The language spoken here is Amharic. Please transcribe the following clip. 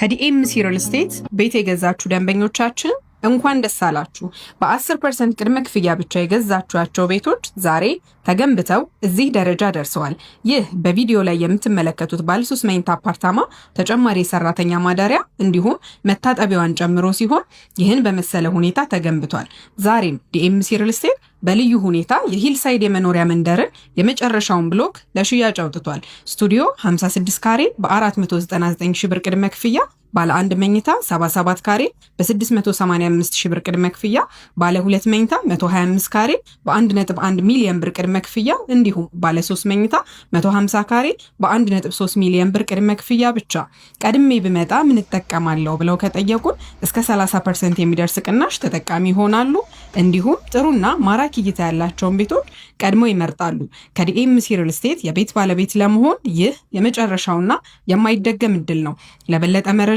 ከዲኤምሲ ሪል ስቴት ቤት የገዛችሁ ደንበኞቻችን እንኳን ደስ አላችሁ! በ10 ፐርሰንት ቅድመ ክፍያ ብቻ የገዛችኋቸው ቤቶች ዛሬ ተገንብተው እዚህ ደረጃ ደርሰዋል። ይህ በቪዲዮ ላይ የምትመለከቱት ባለሶስት መኝታ አፓርታማ ተጨማሪ የሰራተኛ ማደሪያ እንዲሁም መታጠቢያዋን ጨምሮ ሲሆን ይህን በመሰለ ሁኔታ ተገንብቷል። ዛሬም ዲኤምሲ ሪል ስቴት በልዩ ሁኔታ የሂልሳይድ የመኖሪያ መንደርን የመጨረሻውን ብሎክ ለሽያጭ አውጥቷል። ስቱዲዮ 56 ካሬ በ499 ሺ ብር ቅድመ ክፍያ ባለ አንድ መኝታ 77 ካሬ በ685 ሺህ ብር ቅድመ ክፍያ፣ ባለ ሁለት መኝታ 125 ካሬ በ1.1 ሚሊዮን ብር ቅድመ ክፍያ እንዲሁም ባለ 3 መኝታ 150 ካሬ በ1.3 ሚሊዮን ብር ቅድመ ክፍያ ብቻ። ቀድሜ ብመጣ ምን እጠቀማለሁ ብለው ከጠየቁን እስከ 30 ፐርሰንት የሚደርስ ቅናሽ ተጠቃሚ ይሆናሉ። እንዲሁም ጥሩና ማራኪ እይታ ያላቸውን ቤቶች ቀድሞ ይመርጣሉ። ከዲኤምሲ ሪል ስቴት የቤት ባለቤት ለመሆን ይህ የመጨረሻውና የማይደገም እድል ነው። ለበለጠ መረጃ